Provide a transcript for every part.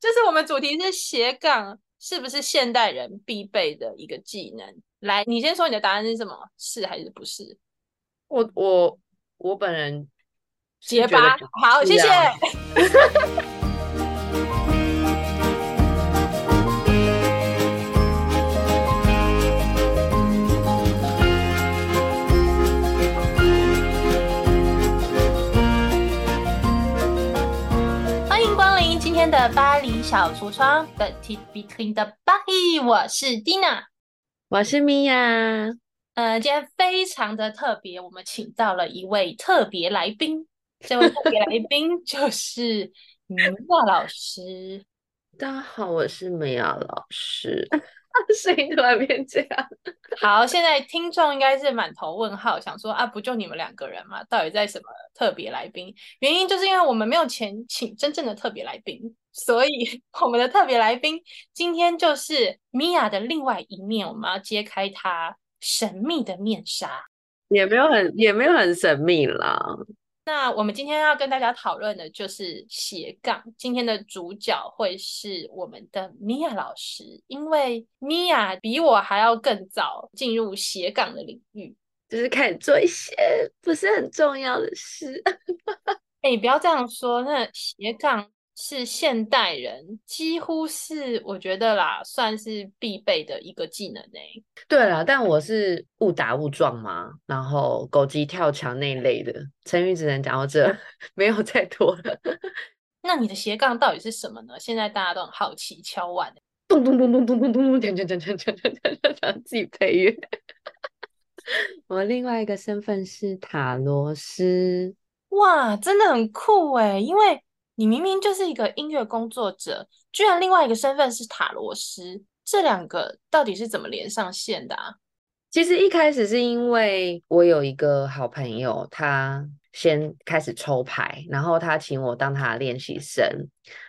就是我們主題是斜槓，是不是現代人必備的一個技能？來，你先說你的答案是什麼？是還是不是？我我我本人結巴，好，謝謝。 今天的巴黎小櫥窗 Petite Vitrine de Paris 我是 Dina，我是米婭。嗯、呃，今天非常的特別，我們請到了一位特別來賓，這位特別來賓 就是米婭老師。大家好，我是米婭老師。 聲音突然變這樣？好，現在聽眾應該是滿頭問號，想說啊，不就你們兩個人嗎？到底在什麼特別來賓？原因就是因為我們沒有錢請真正的特別來賓，所以我們的特別來賓今天就是米婭的另外一面，我們要揭開她神秘的面紗。也沒有很，也沒有很神秘啦。那我們今天要跟大家討論的就是斜槓，今天的主角會是我們的米婭老師，因為米婭比我還要更早進入斜槓的領域，就是開始做一些不是很重要的事。你， 欸，不要這樣說，那斜槓。是現代人幾乎是我覺得啦，算是必備的一個技能誒。對啦，但我是誤打誤撞嘛，然後狗急跳牆那一類的成語只能講到這，沒有再多了。那你的斜槓到底是什麼呢？現在大家都很好奇。敲碗。咚咚咚咚咚咚咚咚咚，鏘鏘鏘鏘鏘鏘鏘鏘，自己配樂。我另外一個身份是塔羅師。哇，真的很酷哎，因為。你明明就是一個音樂工作者，居然另外一個身份是塔羅師，這兩個到底是怎麼連上線的啊？其實一開始是因為我有一個好朋友，他先開始抽牌，然後他請我當他的練習生，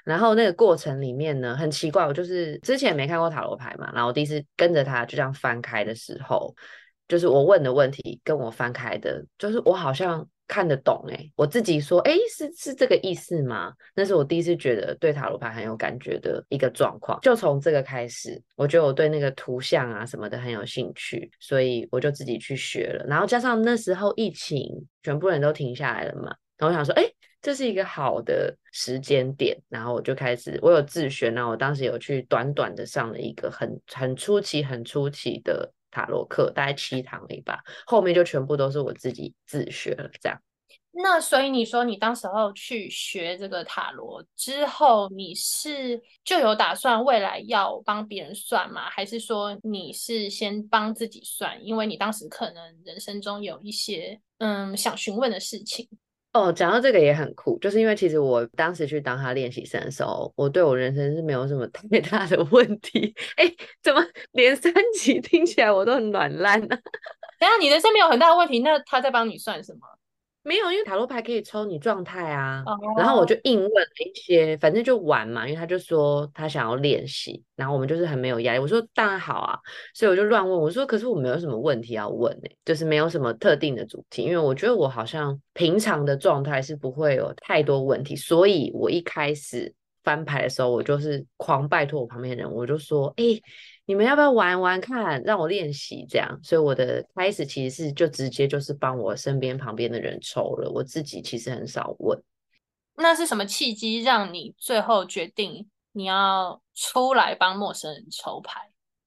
然後那個過程裡面呢，很奇怪，我就是之前沒看過塔羅牌嘛，然後我第一次跟着他就這樣翻開的時候，就是我問的問題跟我翻開的，就是我好像。看得懂欸，我自己說欸，是是這個意思嗎？那是我第一次覺得對塔羅牌很有感覺的一個狀況，就從這個開始，我覺得我對那個圖像啊什麼的很有興趣，所以我就自己去學了。然後加上那時候疫情，全部人都停下來了嘛，然後我想說，欸，這是一個好的時間點，然後我就開始，我有自學，然後我當時有去短短的上了一個很很初期很初期的。塔羅課大概七堂吧，後面就全部都是我自己自學了。這樣，那所以你說你當時候去學這個塔羅之後，你是就有打算未來要幫別人算嗎？還是說你是先幫自己算？因為你當時可能人生中有一些嗯，想詢問的事情。哦，講到這個也很酷，就是因為其實我當時去當他練習生的時候，我對我人生是沒有什麼特別大的問題。哎、欸，怎麼連三級聽起來我都很軟爛呢？啊？然後你人生沒有很大的問題，那他在幫你算什麼？沒有，因為塔羅牌可以抽你狀態啊。Oh. 然後我就硬問一些，反正就玩嘛。因為他就說他想要練習，然後我們就是很沒有壓力。我說當然好啊，所以我就亂問。我說可是我沒有什麼問題要問呢、欸，就是沒有什麼特定的主題，因為我覺得我好像平常的狀態是不會有太多問題。所以我一開始翻牌的時候，我就是狂拜託我旁邊的人，我就說，哎、欸。你們要不要玩玩看，讓我練習這樣。所以我的開始其實是就直接就是幫我身邊旁邊的人抽了，我自己其實很少問。那是什麼契機讓你最後決定你要出來幫陌生人抽牌？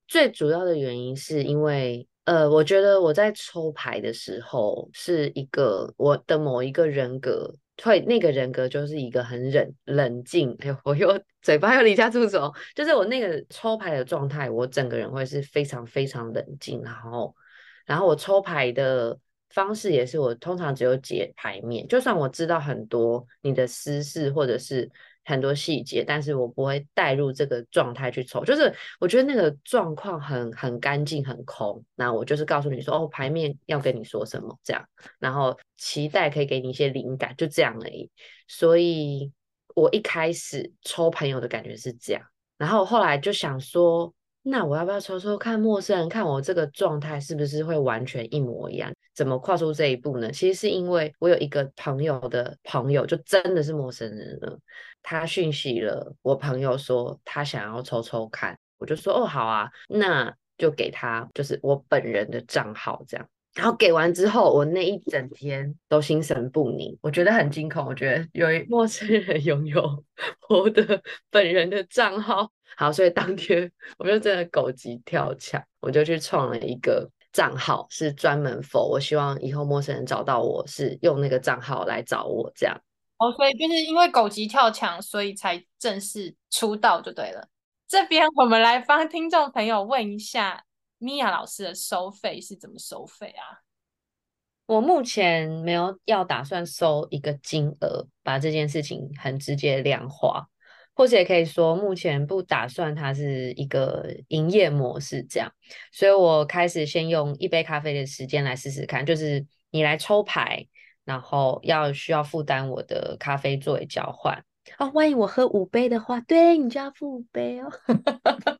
最主要的原因是因為。呃，我覺得我在抽牌的時候，是一個我的某一個人格會，那個人格就是一個很冷，冷靜。哎呦，我又嘴巴又離家出走，就是我那個抽牌的狀態，我整個人會是非常非常冷靜。然後，然後我抽牌的方式也是，我通常只有解牌面，就算我知道很多你的私事或者是。很多細節，但是我不會帶入這個狀態去抽，就是我覺得那個狀況很很乾淨很空，那我就是告訴你說哦，牌面要跟你說什麼這樣，然後期待可以給你一些靈感，就這樣而已。所以，我一開始抽朋友的感覺是這樣，然後後來就想說，那我要不要抽抽看陌生人，看我這個狀態是不是會完全一模一樣？怎麼跨出這一步呢？其實是因為我有一個朋友的朋友，就真的是陌生人了。他訊息了我朋友說他想要抽抽看，我就說哦好啊，那就給他就是我本人的賬號這樣。然後給完之後，我那一整天都心神不寧，我覺得很驚恐，我覺得有一陌生人擁有我的本人的賬號。好，所以當天我就真的狗急跳牆，我就去創了一個。賬號是專門否？我希望以後陌生人找到我是用那個賬號來找我，這樣。哦，所以就是因為狗急跳牆，所以才正式出道就對了。這邊我們來幫聽眾朋友問一下，米婭老師的收費是怎麼收費啊？我目前沒有要打算收一個金額，把這件事情很直接量化。或者也可以說，目前不打算它是一個營業模式這樣，所以我開始先用一杯咖啡的時間來試試看，就是你來抽牌，然後要需要負擔我的咖啡作為交換啊、哦。萬一我喝五杯的話，對你就要付五杯哦。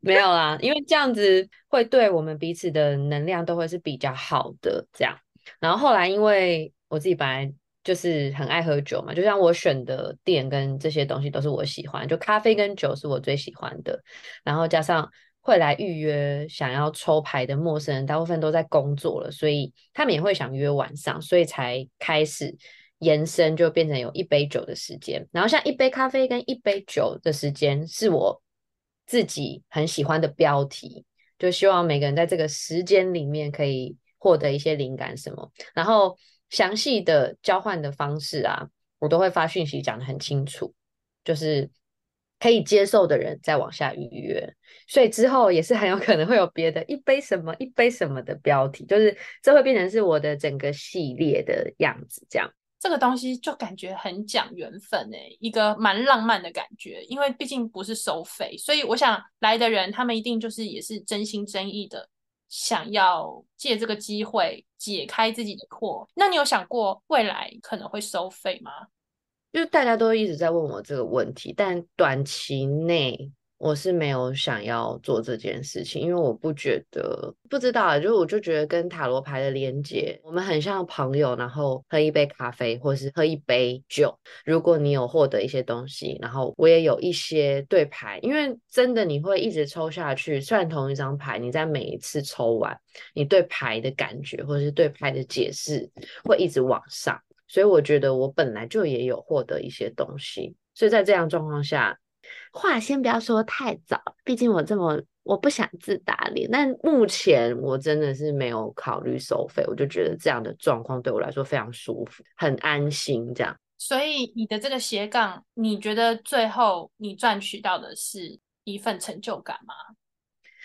沒有啦，因為這樣子會對我們彼此的能量都會是比較好的這樣。然後後來，因為我自己本來。就是很愛喝酒嘛，就像我選的店跟這些東西都是我喜歡，就咖啡跟酒是我最喜歡的。然後加上會來預約想要抽牌的陌生人，大部分都在工作了，所以他們也會想約晚上，所以才開始延伸，就變成有一杯酒的時間。然後像一杯咖啡跟一杯酒的時間，是我自己很喜歡的標題，就希望每個人在這個時間裡面可以獲得一些靈感什麼，然後。詳細的交換的方式啊，我都會發訊息講得很清楚，就是可以接受的人再往下預約，所以之後也是很有可能會有別的一杯什麼一杯什麼的標題，就是這會變成是我的整個系列的樣子，這樣。這個東西就感覺很講緣分哎、欸，一個蠻浪漫的感覺，因為畢竟不是收費，所以我想來的人他們一定就是也是真心真意的。想要借這個機會解開自己的惑。那你有想過未來可能會收費嗎？就大家都一直在問我這個問題，但短期內。我是沒有想要做這件事情，因為我不覺得不知道，就是我就覺得跟塔羅牌的連結，我們很像朋友，然後喝一杯咖啡，或是喝一杯酒。如果你有獲得一些東西，然後我也有一些對牌，因為真的你會一直抽下去，算同一張牌，你在每一次抽完，你對牌的感覺或者是對牌的解釋會一直往上，所以我覺得我本來就也有獲得一些東西，所以在這樣狀況下。話先不要說太早，畢竟我這麼我不想自打臉。但目前我真的是沒有考慮收費，我就覺得這樣的狀況對我來說非常舒服，很安心。這樣，所以你的這個斜槓，你覺得最後你賺取到的是一份成就感嗎？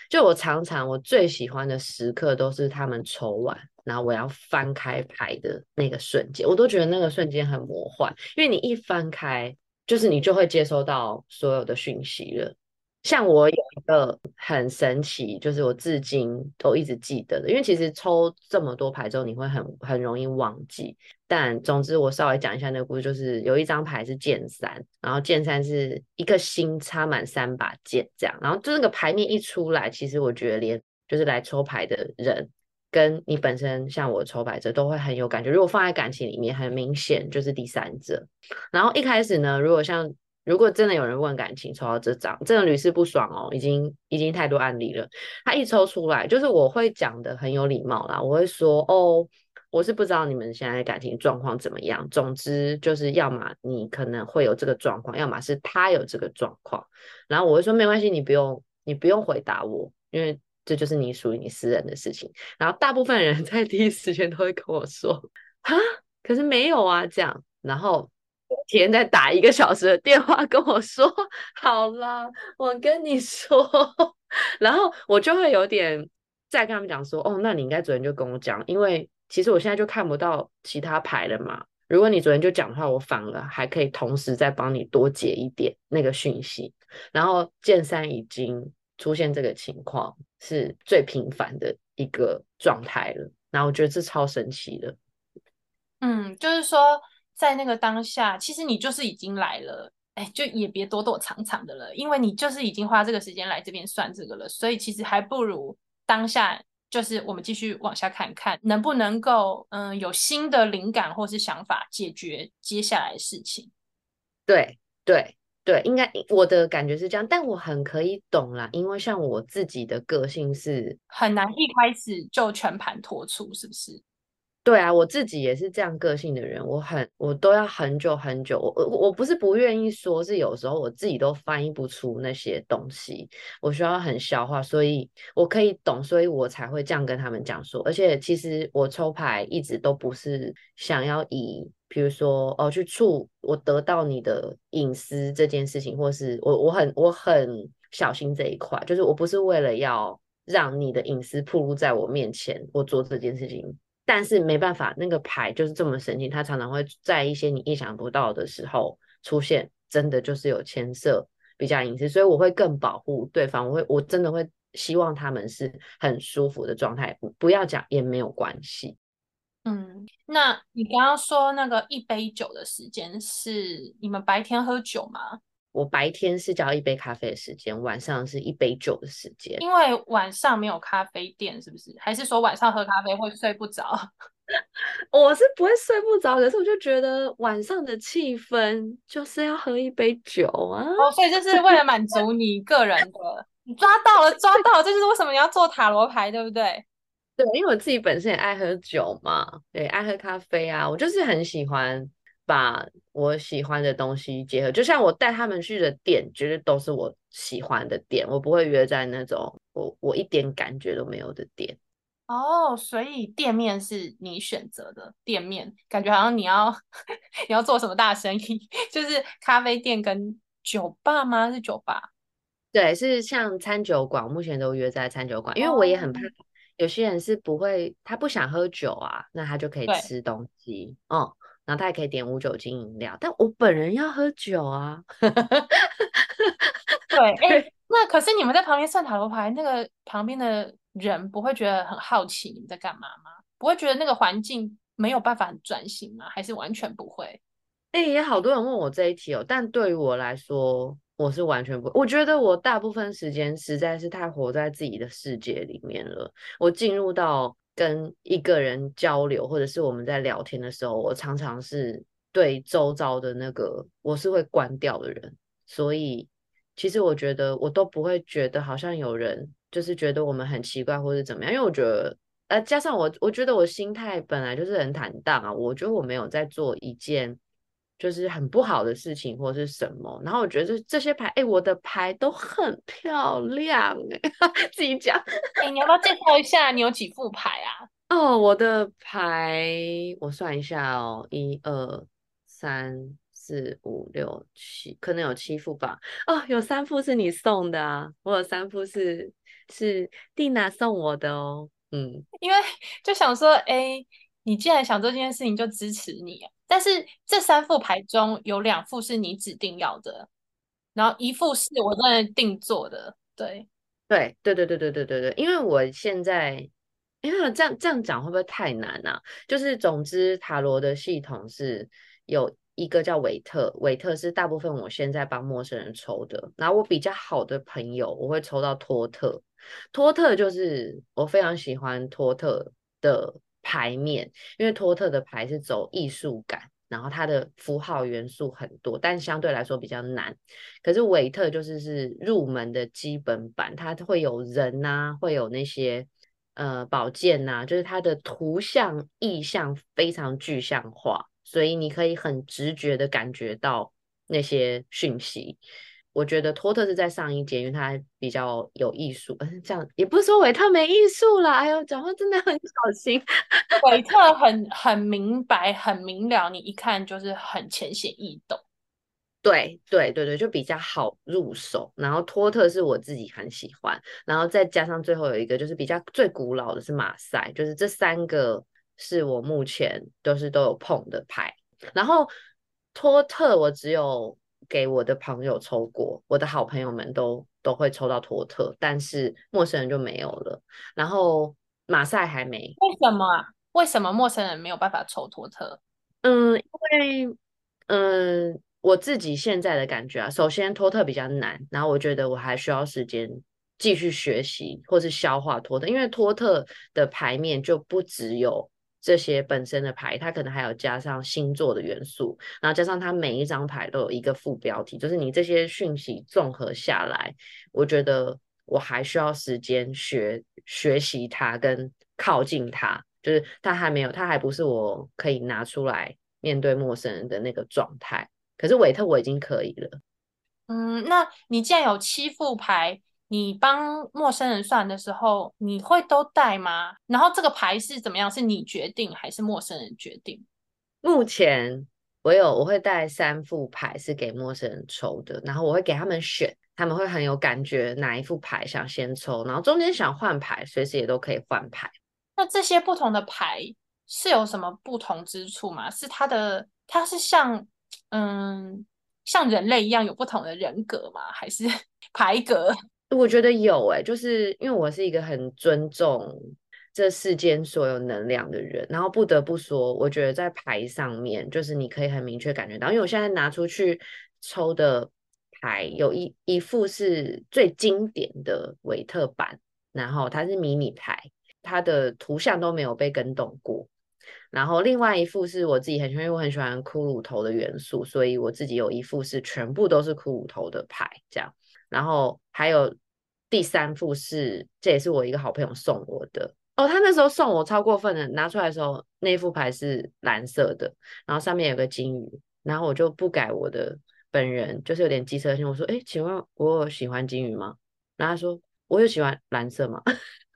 就我常常我最喜歡的時刻，都是他們抽完，然後我要翻開牌的那個瞬間，我都覺得那個瞬間很魔幻，因為你一翻開。就是你就會接收到所有的訊息了。像我有一個很神奇，就是我至今都一直記得的，因為其實抽這麼多牌之後，你會很很容易忘記。但總之，我稍微講一下那個故事，就是有一張牌是劍三，然後劍三是一個心插滿三把劍這樣，然後就那個牌面一出來，其實我覺得連就是來抽牌的人。跟你本身像我抽牌者，都會很有感覺，如果放在感情裡面，很明顯就是第三者。然後一開始呢，如果像如果真的有人問感情抽到這張，真的屢試不爽哦，已經已經太多案例了。他一抽出來，就是我會講得很有禮貌啦，我會說哦，我是不知道你們現在感情狀況怎麼樣。總之就是，要麼你可能會有這個狀況，要麼是他有這個狀況。然後我會說沒關係，你不用你不用回答我，因為。這就是你屬於你私人的事情。然後大部分人在第一時間都會跟我說：“哈，可是沒有啊。”這樣，然後別人在打一個小時的電話跟我說：“好啦，我跟你說。”然後我就會有點再跟他們講說：“哦，那你應該昨天就跟我講，因為其實我現在就看不到其他牌了嘛。如果你昨天就講的話，我反而還可以同時再幫你多解一點那個訊息。然後劍三已經出現這個情況。”是最平凡的一個狀態了，然後我覺得這超神奇的。嗯，就是說在那個當下，其實你就是已經來了，哎，就也別躲躲藏藏的了，因為你就是已經花這個時間來這邊算這個了，所以其實還不如當下，就是我們繼續往下看看能不能夠，嗯、呃，有新的靈感或是想法解決接下來的事情。對，對。對，應該我的感覺是這樣，但我很可以懂啦，因為像我自己的個性是很難一開始就全盤托出，是不是？對啊，我自己也是這樣個性的人，我很我都要很久很久，我我不是不願意說，是有時候我自己都翻譯不出那些東西，我需要很消化，所以我可以懂，所以我才會這樣跟他們講說，而且其實我抽牌一直都不是想要以。比如說，哦，去觸我得到你的隱私這件事情，或是我我很我很小心這一塊，就是我不是為了要讓你的隱私暴露在我面前，我做這件事情。但是沒辦法，那個牌就是這麼神經，它常常會在一些你意想不到的時候出現，真的就是有牽涉比較隱私，所以我會更保護對方，我會我真的會希望他們是很舒服的狀態，不要講也沒有關係。嗯，那你剛剛說那個一杯酒的時間，是你們白天喝酒嗎？我白天是叫一杯咖啡的時間，晚上是一杯酒的時間。因為晚上沒有咖啡店，是不是？還是說晚上喝咖啡會睡不着？ 我是不會睡不着，可是我就覺得晚上的氣氛就是要喝一杯酒啊。哦，所以就是為了滿足你個人的， 你抓到了，抓到了，這就是為什麼你要做塔羅牌，對不對？對，因為我自己本身也愛喝酒嘛，對，愛喝咖啡啊，我就是很喜歡把我喜歡的東西結合。就像我帶他們去的店，絕對都是我喜歡的店，我不會約在那種我我一點感覺都沒有的店。哦，oh, 所以店面是你選擇的店面，感覺好像你要 你要做什麼大生意，就是咖啡店跟酒吧嗎？是酒吧？對，是像餐酒館，我目前都約在餐酒館，因為我也很怕。Oh. 有些人是不會，他不想喝酒啊，那他就可以吃東西，對嗯，然後他也可以點無酒精飲料。但我本人要喝酒啊， 對，哎、欸，那可是你們在旁邊算塔羅牌，那個旁邊的人不會覺得很好奇你們在幹嘛嗎？不會覺得那個環境沒有辦法專心嗎？還是完全不會？哎、欸，也好多人問我這一題哦，對但對於我來說。我是完全不，我覺得我大部分時間實在是太活在自己的世界裡面了。我進入到跟一個人交流，或者是我們在聊天的時候，我常常是對周遭的那個我是會關掉的人。所以其實我覺得我都不會覺得好像有人就是覺得我們很奇怪或者怎麼樣，因為我覺得呃，加上我我覺得我心態本來就是很坦蕩啊，我覺得我沒有在做一件。就是很不好的事情或是什麼，然後我覺得這些牌，哎、欸，我的牌都很漂亮，呵呵自己講。哎、欸，你要不要介紹一下你有幾副牌啊？哦，我的牌我算一下哦，一二三四五六七，可能有七副吧。哦，有三副是你送的，啊，我有三副是是蒂娜送我的哦，嗯，因為就想說，哎、欸。你既然想做這件事情，就支持你啊。但是這三副牌中有兩副是你指定要的，然後一副是我在定做的。對，對，對，對，對，對，對，對，對。因為我現在，因為這樣這樣講會不會太難呢？啊，就是總之，塔羅的系統是有一個叫韋特，韋特是大部分我現在幫陌生人抽的。然後我比較好的朋友，我會抽到托特，托特就是我非常喜歡托特的牌面，因為托特的牌是走藝術感，然後它的符號元素很多，但相對來說比較難。可是韋特就是是入門的基本版，它會有人吶、啊，會有那些呃寶劍吶、啊，就是它的圖像意象非常具象化，所以你可以很直覺的感覺到那些訊息。我覺得托特是在上一節，因為它比較有藝術。嗯，這樣也不是說維特沒藝術啦。哎呦，講話真的很小心。維特很很明白，很明了，你一看就是很淺顯易懂。對對對對，就比較好入手。然後托特是我自己很喜歡，然後再加上最後有一個就是比較最古老的是馬賽，就是這三個是我目前都是都有碰的牌。然後托特我只有。給我的朋友抽過，我的好朋友們都都會抽到托特，但是陌生人就沒有了。然後馬賽還沒，為什麼啊？為什麼陌生人沒有辦法抽托特？嗯，因為嗯，我自己現在的感覺啊，首先托特比較難，然後我覺得我還需要時間繼續學習或是消化托特，因為托特的牌面就不只有這些本身的牌，它可能還有加上星座的元素，然後加上它每一張牌都有一個副標題，就是你這些訊息綜合下來，我覺得我還需要時間學學習它、跟靠近它，就是它還沒有，它還不是我可以拿出來面對陌生人的那個狀態。可是韋特我已經可以了。嗯，那你既然有七副牌，你幫陌生人算的時候，你會都帶嗎然後這個牌是怎麼樣？是你決定還是陌生人決定？目前我有我會帶三副牌是給陌生人抽的，然後我會給他們選，他們會很有感覺哪一副牌想先抽，然後中間想換牌，隨時也都可以換牌。那這些不同的牌是有什麼不同之處嗎？是它的它是像嗯像人類一樣有不同的人格嗎？還是牌格？我覺得有哎、欸，就是因為我是一個很尊重這世間所有能量的人，然後不得不說，我覺得在牌上面，就是你可以很明確感覺到，因為我現在拿出去抽的牌，有一一副是最經典的維特版，然後它是迷你牌，它的圖像都沒有被更動過，然後另外一副是我自己很喜歡，因為我很喜歡骷髏頭的元素，所以我自己有一副是全部都是骷髏頭的牌，這樣，然後還有。第三副是，這也是我一個好朋友送我的哦。他那時候送我超過分的，拿出來的時候那副牌是藍色的，然後上面有個金魚，然後我就不改我的本人，就是有點機車性。我說，哎，請問我有喜歡金魚嗎？然後他說，我有喜歡藍色嗎？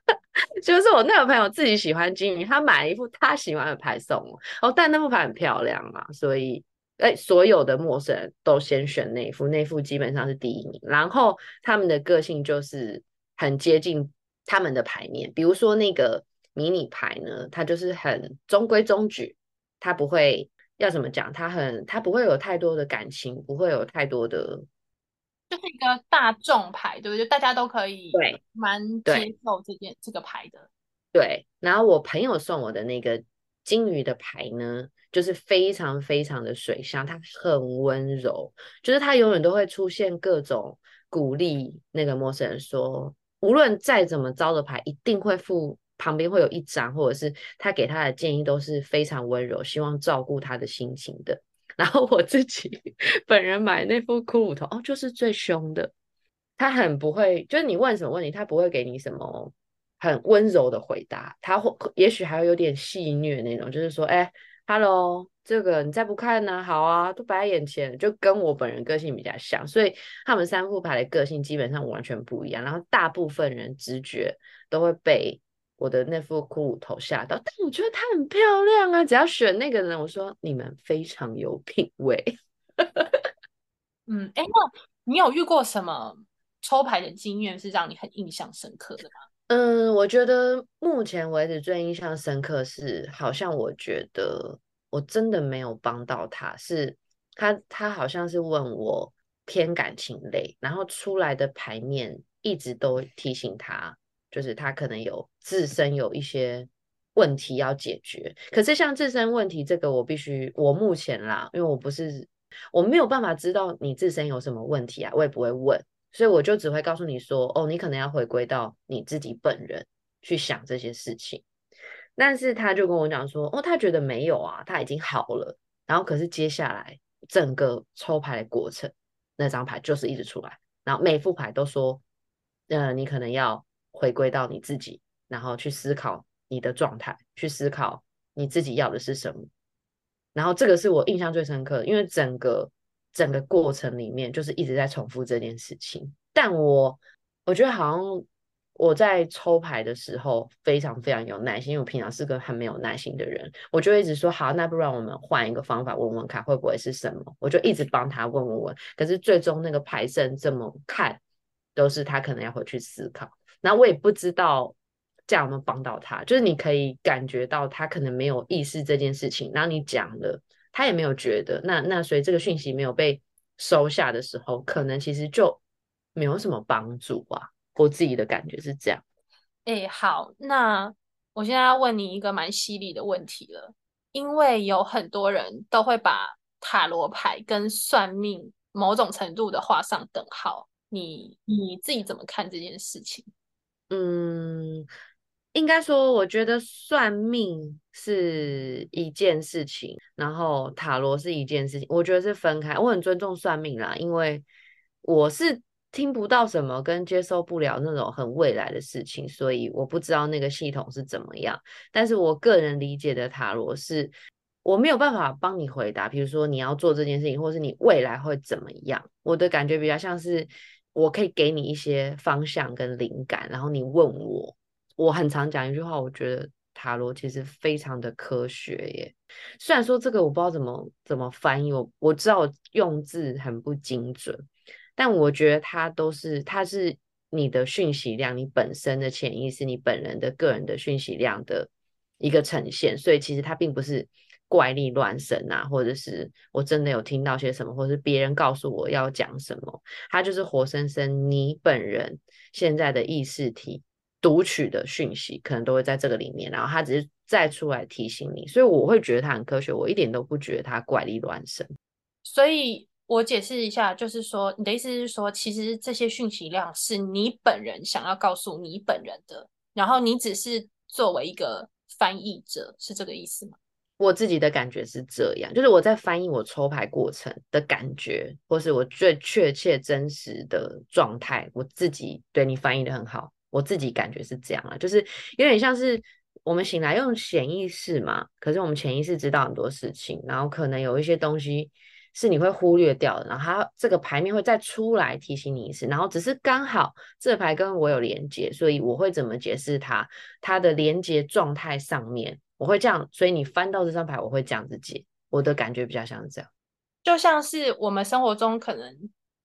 就是我那個朋友自己喜歡金魚，他買了一副他喜歡的牌送我，哦，但那副牌很漂亮嘛，所以。哎，所有的陌生人都先選那一副，那一副基本上是第一名。然後他們的個性就是很接近他們的牌面，比如說那個迷你牌呢，它就是很中規中矩，它不會，要怎麼講，它很，它不會有太多的感情，不會有太多的，就是一個大眾牌，對不對？就大家都可以對蠻接受這件這個牌的。對，然後我朋友送我的那個。金魚的牌呢，就是非常非常的水象，它很溫柔，就是它永遠都會出現各種鼓勵那個陌生人說，無論再怎麼糟的牌，一定會附旁邊會有一張，或者是他給他的建議都是非常溫柔，希望照顧他的心情的。然後我自己本人買那副骷髏頭，哦，就是最凶的，他很不會，就是你問什麼問題，他不會給你什麼。很溫柔的回答，他會也許還會有點戲虐。那種，就是說，哎、欸、，Hello，這個你再不看呢、啊，好啊，都擺在眼前，就跟我本人個性比較像，所以他們三副牌的個性基本上完全不一樣。然後大部分人直覺都會被我的那副骷髏頭嚇到，但我覺得她很漂亮啊，只要選那個人，我說你們非常有品味。 嗯，哎、欸，那你有遇過什麼抽牌的經驗是讓你很印象深刻的嗎？嗯，我覺得目前為止最印象深刻是，好像我覺得我真的沒有幫到他，是他他好像是問我偏感情類，然後出來的牌面一直都提醒他，就是他可能有自身有一些問題要解決。可是像自身問題這個，我必須我目前啦，因為我不是我沒有辦法知道你自身有什麼問題啊，我也不會問。所以我就只會告訴你說，哦，你可能要回歸到你自己本人去想這些事情。但是他就跟我講說，哦，他覺得沒有啊，他已經好了。然後可是接下來整個抽牌的過程，那張牌就是一直出來，然後每副牌都說，嗯、呃，你可能要回歸到你自己，然後去思考你的狀態，去思考你自己要的是什麼。然後這個是我印象最深刻的，因為整個。整個過程裡面就是一直在重複這件事情，但我我覺得好像我在抽牌的時候非常非常有耐心，因為我平常是個很沒有耐心的人，我就會一直說好，那不然我們換一個方法問問看會不會是什麼，我就一直幫他問問問，可是最終那個牌聖怎麼看都是他可能要回去思考，那我也不知道這樣有沒有幫到他，就是你可以感覺到他可能沒有意識這件事情，然後你講了。他也沒有覺得，那那所以這個訊息沒有被收下的時候，可能其實就沒有什麼幫助啊。我自己的感覺是這樣。哎、欸，好，那我現在要問你一個蠻犀利的問題了，因為有很多人都會把塔羅牌跟算命某種程度的畫上等號，你你自己怎麼看這件事情？嗯。應該說，我覺得算命是一件事情，然後塔羅是一件事情，我覺得是分開。我很尊重算命啦，因為我是聽不到什麼，跟接受不了那種很未來的事情，所以我不知道那個系統是怎麼樣。但是我個人理解的塔羅是，我沒有辦法幫你回答，比如說你要做這件事情，或是你未來會怎麼樣。我的感覺比較像是，我可以給你一些方向跟靈感，然後你問我。我很常講一句話，我覺得塔羅其實非常的科學耶。雖然說這個我不知道怎麼怎麼翻譯，我我知道用字很不精準，但我覺得它都是，它是你的訊息量，你本身的潛意識，你本人的個人的訊息量的一個呈現。所以其實它並不是怪力亂神啊，或者是我真的有聽到些什麼，或者是別人告訴我要講什麼，它就是活生生你本人現在的意識體。讀取的訊息可能都會在這個裡面，然後他只是再出來提醒你，所以我會覺得他很科學，我一點都不覺得他怪力亂神。所以我解釋一下，就是說你的意思是說，其實這些訊息量是你本人想要告訴你本人的，然後你只是作為一個翻譯者，是這個意思嗎？我自己的感覺是這樣，就是我在翻譯我抽牌過程的感覺，或是我最確切真實的狀態，我自己對你翻譯得很好。我自己感覺是這樣啊，就是有點像是我們醒來用潛意識嘛，可是我們潛意識知道很多事情，然後可能有一些東西是你會忽略掉的，然後它這個牌面會再出來提醒你一次，然後只是剛好這牌跟我有連接，所以我會怎麼解釋它？它的連接狀態上面我會這樣，所以你翻到這張牌，我會這樣子解。我的感覺比較像是這樣，就像是我們生活中可能。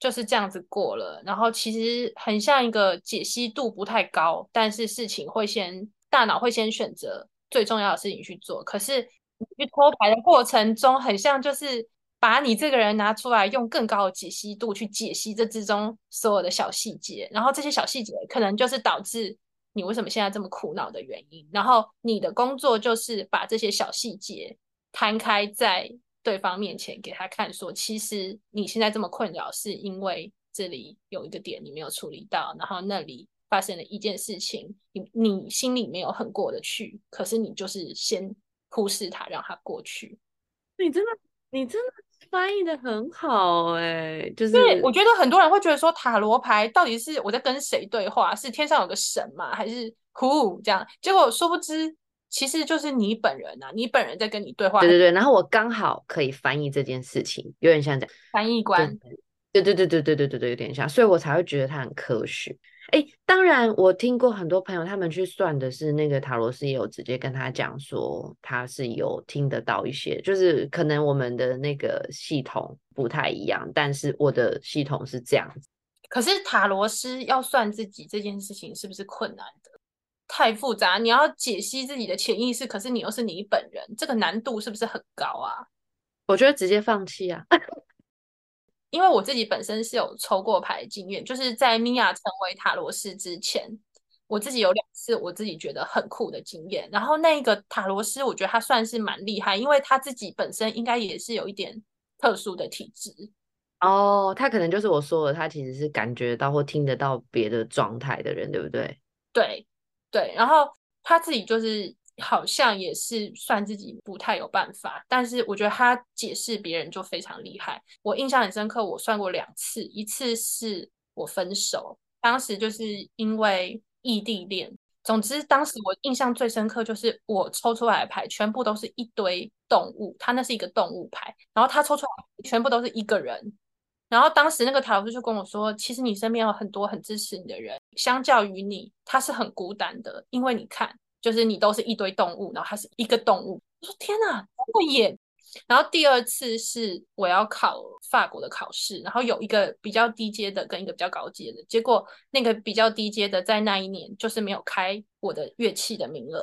就是這樣子過了，然後其實很像一個解析度不太高，但是事情會先，大腦會先選擇最重要的事情去做。可是你去抽牌的過程中，很像就是把你這個人拿出來，用更高的解析度去解析這之中所有的小細節，然後這些小細節可能就是導致你為什麼現在這麼苦惱的原因。然後你的工作就是把這些小細節攤開在。對方面前給他看說，說其實你現在這麼困擾，是因為這裡有一個點你沒有處理到，然後那裡發生了一件事情，你你心裡沒有很過得去，可是你就是先忽視他，讓他過去。你真的，你真的翻譯得很好哎、欸，就是我覺得很多人會覺得說塔羅牌到底是我在跟誰對話？是天上有個神嗎？還是酷這樣？結果殊不知。其實就是你本人吶、啊，你本人在跟你對話。對對對，然後我剛好可以翻譯這件事情，有點像這樣。翻譯官。對對對對對對對對，有點像，所以我才會覺得他很科學。哎，當然，我聽過很多朋友他們去算的是那個塔羅師，也有直接跟他講說他是有聽得到一些，就是可能我們的那個系統不太一樣，但是我的系統是這樣子。可是塔羅師要算自己這件事情是不是困難的？太複雜，你要解析自己的潛意識，可是你又是你本人，這個難度是不是很高啊？我覺得直接放棄啊， 因為我自己本身是有抽過牌經驗，就是在米婭成為塔羅師之前，我自己有兩次我自己覺得很酷的經驗。然後那個塔羅師，我覺得他算是蠻厲害，因為他自己本身應該也是有一點特殊的體質。哦，他可能就是我說的，他其實是感覺到或聽得到別的狀態的人，對不對？對。對，然後他自己就是好像也是算自己不太有辦法，但是我覺得他解釋別人就非常厲害。我印象很深刻，我算過兩次，一次是我分手，當時就是因為異地戀。總之，當時我印象最深刻就是我抽出來的牌全部都是一堆動物，他那是一個動物牌，然後他抽出來全部都是一個人。然後當時那個塔羅師就跟我說：“其實你身邊有很多很支持你的人，相較於你，他是很孤單的。因為你看，就是你都是一堆動物，然後他是一個動物。”我說：“天哪，這麼嚴！”然後第二次是我要考法國的考試，然後有一個比較低階的跟一個比較高階的，結果那個比較低階的在那一年就是沒有開我的樂器的名額，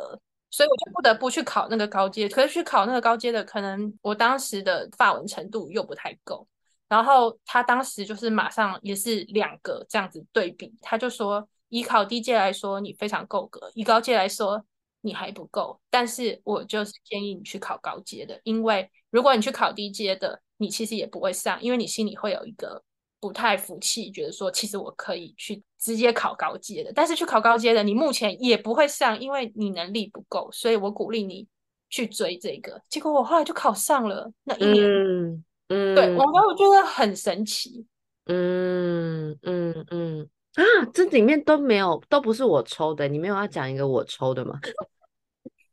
所以我就不得不去考那個高階。可是去考那個高階的，可能我當時的法文程度又不太夠。然後他當時就是馬上也是兩個這樣子對比，他就說：以考低階來說，你非常夠格；以高階來說，你還不夠。但是我就是建議你去考高階的，因為如果你去考低階的，你其實也不會上，因為你心裡會有一個不太服氣，覺得說其實我可以去直接考高階的。但是去考高階的，你目前也不會上，因為你能力不夠。所以我鼓勵你去追這個。結果我後來就考上了那一年。嗯。嗯、對，我沒有覺得很神奇。嗯嗯嗯啊，這裡面都沒有，都不是我抽的。你沒有要講一個我抽的嗎？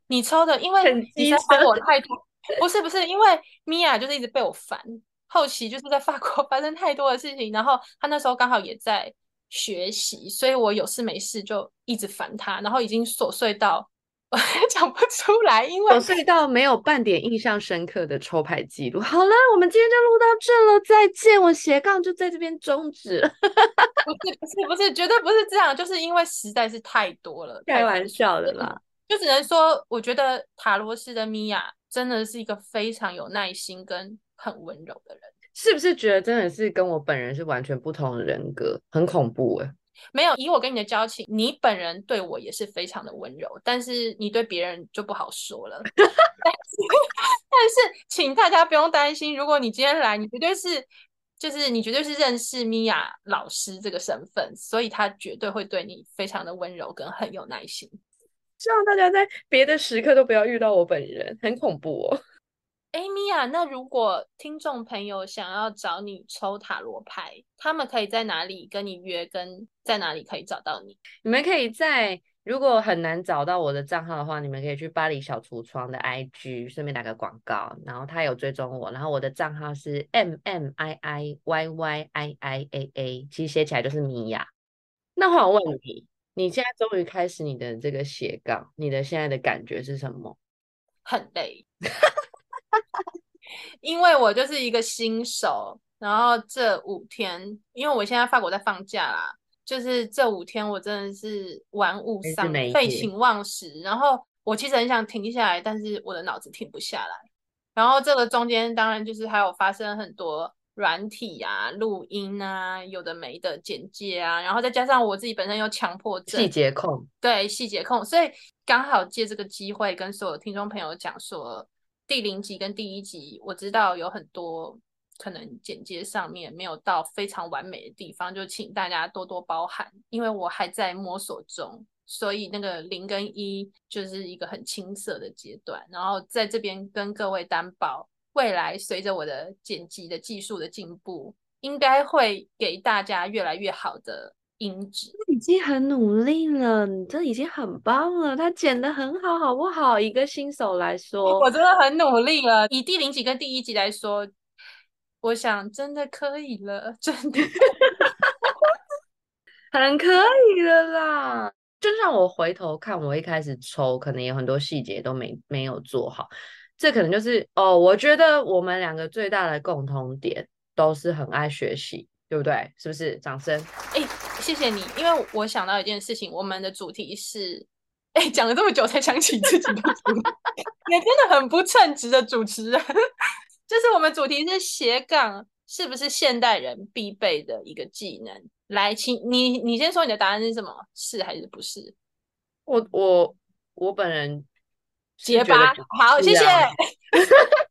你抽的，因為你在法國的太多，不是不是，因為米婭就是一直被我煩。後期就是在法國發生太多的事情，然後他那時候剛好也在學習，所以我有事沒事就一直煩他，然後已經瑣碎到。我還講不出來，因為我是一道沒有半點印象深刻的抽牌記錄。好了，我們今天就錄到這了，再見。我斜槓就在這邊終止了 不。不是不是不是，絕對不是這樣，就是因為實在是太多了，開玩笑的啦了。就只能說，我覺得塔羅斯的米婭真的是一個非常有耐心跟很溫柔的人。是不是覺得真的是跟我本人是完全不同的人格，很恐怖哎、欸。沒有，以我跟你的交情，你本人對我也是非常的溫柔，但是你對別人就不好說了。 但是請大家不用擔心，如果你今天來，你絕對是就是你絕對是認識米婭老師這個身份，所以她絕對會對你非常的溫柔跟很有耐心。希望大家在別的時刻都不要遇到我本人，很恐怖哦。誒，米亞，Mia, 那如果聽眾朋友想要找你抽塔羅牌，他們可以在哪裡跟你約？跟在哪裡可以找到你？你們可以在，如果很難找到我的賬號的話，你們可以去巴黎小櫥窗的 IG，順便打個廣告。然後他有追蹤我，然後我的賬號是 M M I I Y Y I I A A，其實寫起來就是米婭。那話我問你，你現在終於開始你的這個斜槓，你的現在的感覺是什麼？很累。 因為我就是一個新手，然後這五天，因為我現在法國在放假啦，就是這五天我真的是玩物喪廢寢忘食，然後我其實很想停下來，但是我的腦子停不下來。然後這個中間當然就是還有發生很多軟體啊、錄音啊、有的沒的簡介啊，然後再加上我自己本身有強迫症、細節控，對，細節控，所以剛好借這個機會跟所有聽眾朋友講說。第零集跟第一集，我知道有很多可能剪接上面沒有到非常完美的地方，就請大家多多包涵，因為我還在摸索中，所以那個零跟一就是一個很青澀的階段。然後在這邊跟各位擔保，未來隨着我的剪輯的技術的進步，應該會給大家越來越好的音質。已經很努力了，你這已經很棒了。他剪得很好，好不好？一個新手來說，我真的很努力了。以第零集跟第一集來說，我想真的可以了，真的 很可以了啦。就算我回頭看，我一開始抽，可能有很多細節都沒沒有做好。這可能就是哦，我覺得我們兩個最大的共同點都是很愛學習，對不對？是不是？掌聲。欸謝謝你，因為我想到一件事情，我們的主題是，哎，講了這麼久才想起自己的主題，也真的很不稱職的主持人。就是我們主題是斜槓，是不是現代人必備的一個技能？來，請你，你先說你的答案是什麼，是還是不是？我我我本人結巴，好，啊、謝謝。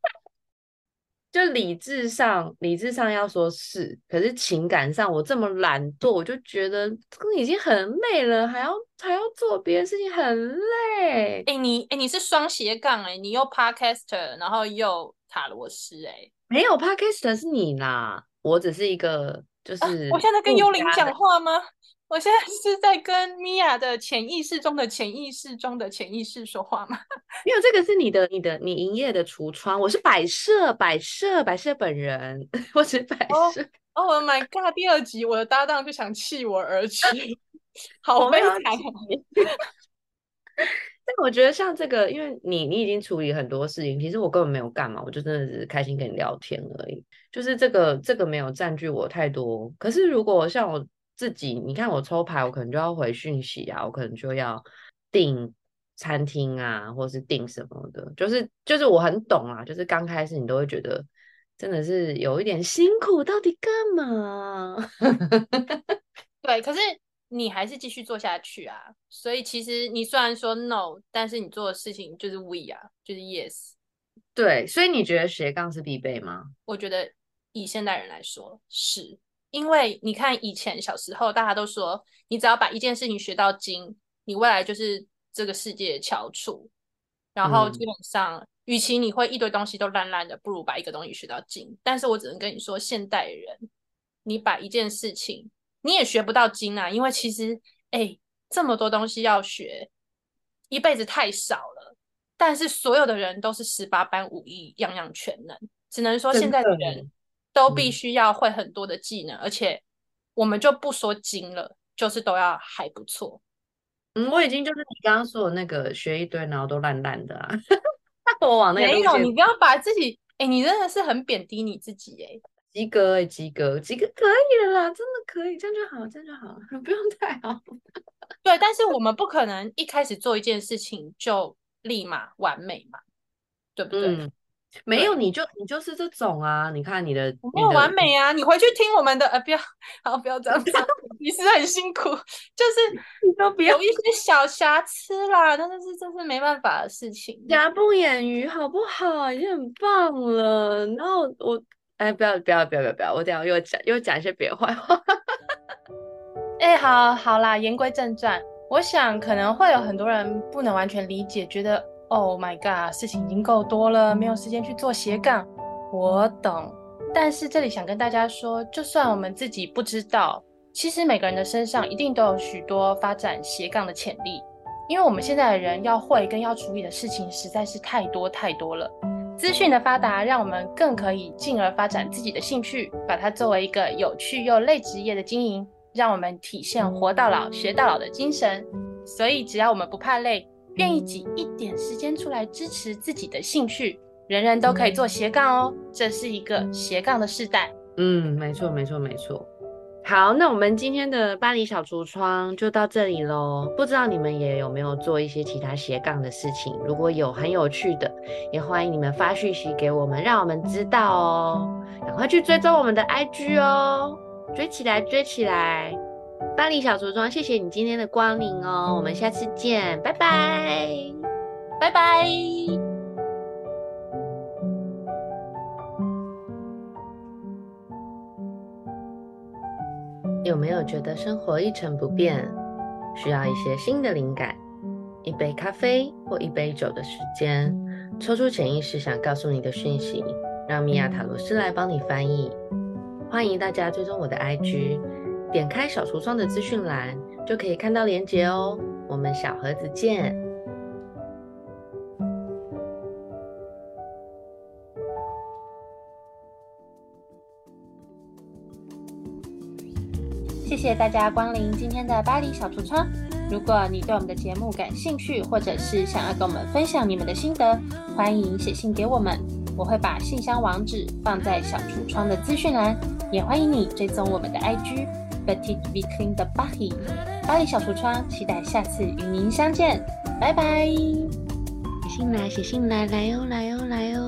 就理智上，理智上要說是，可是情感上，我這麼懶惰，我就覺得這已經很累了，還要還要做別的事情，很累。哎、欸，你哎、欸，你是雙斜槓哎，你又 podcaster，然後又塔羅師，哎、欸，沒有、欸、podcaster 是你啦，我只是一個。就是、啊、我現在跟幽靈講話嗎？ 我現在是在跟米婭的潛意識中的潛意識中的潛意識說話嗎？沒有，這個是你的、你的、你營業的櫥窗，我是擺設、擺設、擺設本人，我是擺設。Oh, oh my god！第二集，我的搭檔就想棄我而去， 好悲慘采。 我覺得像這個，因為你你已經處理很多事情，其實我根本沒有幹嘛，我就真的只是開心跟你聊天而已。就是這個這個沒有占據我太多。可是如果像我自己，你看我抽牌，我可能就要回訊息啊，我可能就要訂餐廳啊，或是訂什麼的。就是就是我很懂啊，就是剛開始你都會覺得真的是有一點辛苦，到底幹嘛？ 對，可是。你還是繼續做下去啊，所以其實你雖然說 no，但是你做的事情就是 we 啊，就是 yes。對，所以你覺得斜槓是必備嗎？我覺得以現代人來說是，因為你看以前小時候大家都說，你只要把一件事情學到精，你未來就是這個世界的翹楚。然後基本上，嗯、與其你會一堆東西都爛爛的，不如把一個東西學到精。但是我只能跟你說，現代人你把一件事情。你也學不到精啊，因為其實哎、欸，這麼多東西要學，一輩子太少了。但是所有的人都是十八般武藝，樣樣全能，只能說現在的人都必須要會很多的技能，嗯、而且我們就不說精了，就是都要還不錯。嗯，我已經就是你剛剛說的那個學一堆，然後都爛爛的啊。 那過往的沒有，你不要把自己哎、欸，你真的是很貶低你自己哎、欸。及格哎，及格，及格可以了啦，真的可以，這樣就好，這樣就好，不用太好。 對，但是我們不可能一開始做一件事情就立馬完美嘛，對不對？嗯、沒有，對你就你就是這種啊，你看你的沒有完美啊，嗯、你回去聽我們的，呃，不要，好，不要這樣子， 你是很辛苦， 就是你都不要有一些小瑕疵啦，但是是這是沒辦法的事情，瑕不掩瑜，好不好、啊？已經很棒了，然後我。哎，不要不要不要不要我等一下又講又講一些別的壞話。哎、 欸，好好啦，言歸正傳，我想可能會有很多人不能完全理解，覺得 “Oh my God”，事情已經夠多了，沒有時間去做斜槓。我懂，但是這裡想跟大家說，就算我們自己不知道，其實每個人的身上一定都有許多發展斜槓的潛力，因為我們現在的人要會跟要處理的事情實在是太多太多了。資訊的發達，讓我們更可以進而發展自己的興趣，把它作為一個有趣又累職業的經營，讓我們體現活到老學到老的精神。所以，只要我們不怕累，願意擠一點時間出來支持自己的興趣，人人都可以做斜槓哦。這是一個斜槓的世代。嗯，沒錯，沒錯，沒錯。好，那我們今天的巴黎小櫥窗就到這裡嘍。不知道你們也有沒有做一些其他斜槓的事情？如果有很有趣的，也歡迎你們發訊息給我們，讓我們知道哦。趕快去追蹤我們的 IG 哦，追起來，追起來！巴黎小櫥窗，謝謝你今天的光臨哦，我們下次見，拜拜，拜拜。有沒有覺得生活一成不變？需要一些新的靈感，一杯咖啡或一杯酒的時間，抽出潛意識想告訴你的訊息，讓米婭塔羅師來幫你翻譯。歡迎大家追蹤我的 IG，點開小櫥窗的資訊欄就可以看到連結哦。我們小盒子見。謝謝大家光臨今天的巴黎小櫥窗。如果你對我們的節目感興趣，或者是想要跟我們分享你們的心得，歡迎寫信給我們，我會把信箱網址放在小櫥窗的資訊欄。也歡迎你追蹤我們的 IG Petite Vitrine de Paris 巴黎小櫥窗，期待下次與您相見。拜拜。寫信啦寫信啦，來哦，來哦，來哦。